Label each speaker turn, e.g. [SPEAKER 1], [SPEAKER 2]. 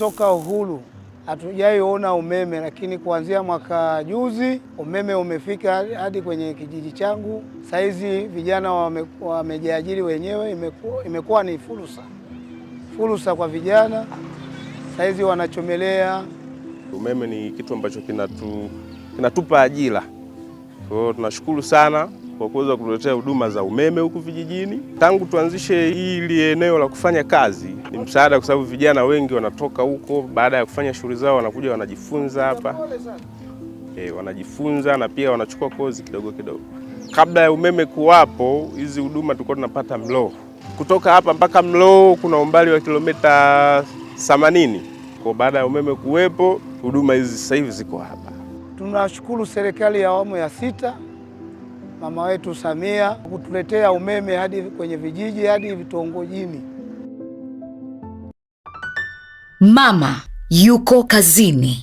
[SPEAKER 1] toka uhuru hatujaiona umeme, lakini kuanzia mwaka juzi umeme umefika hadi kwenye kijiji changu. Saizi vijana wame, wamejiajiri wenyewe, imekuwa, imekuwa ni fursa fursa kwa vijana saizi wanachomelea.
[SPEAKER 2] Umeme ni kitu ambacho kinatu, kinatupa ajira, kwa hiyo tunashukuru sana kwa kuweza kutuletea huduma za umeme huku vijijini. Tangu tuanzishe hili eneo la kufanya kazi, ni msaada kwa sababu vijana wengi wanatoka huko, baada ya kufanya shughuli zao wanakuja wanajifunza hapa e, wanajifunza na pia wanachukua kozi kidogo kidogo. Kabla ya umeme kuwapo, hizi huduma tulikuwa tunapata Mlowo. Kutoka hapa mpaka Mlowo kuna umbali wa kilomita 80. Kwa baada ya umeme kuwepo, huduma hizi sasa hivi ziko hapa.
[SPEAKER 1] Tunashukuru serikali ya awamu ya sita mama wetu Samia kutuletea umeme hadi kwenye vijiji hadi vitongojini. Mama yuko kazini.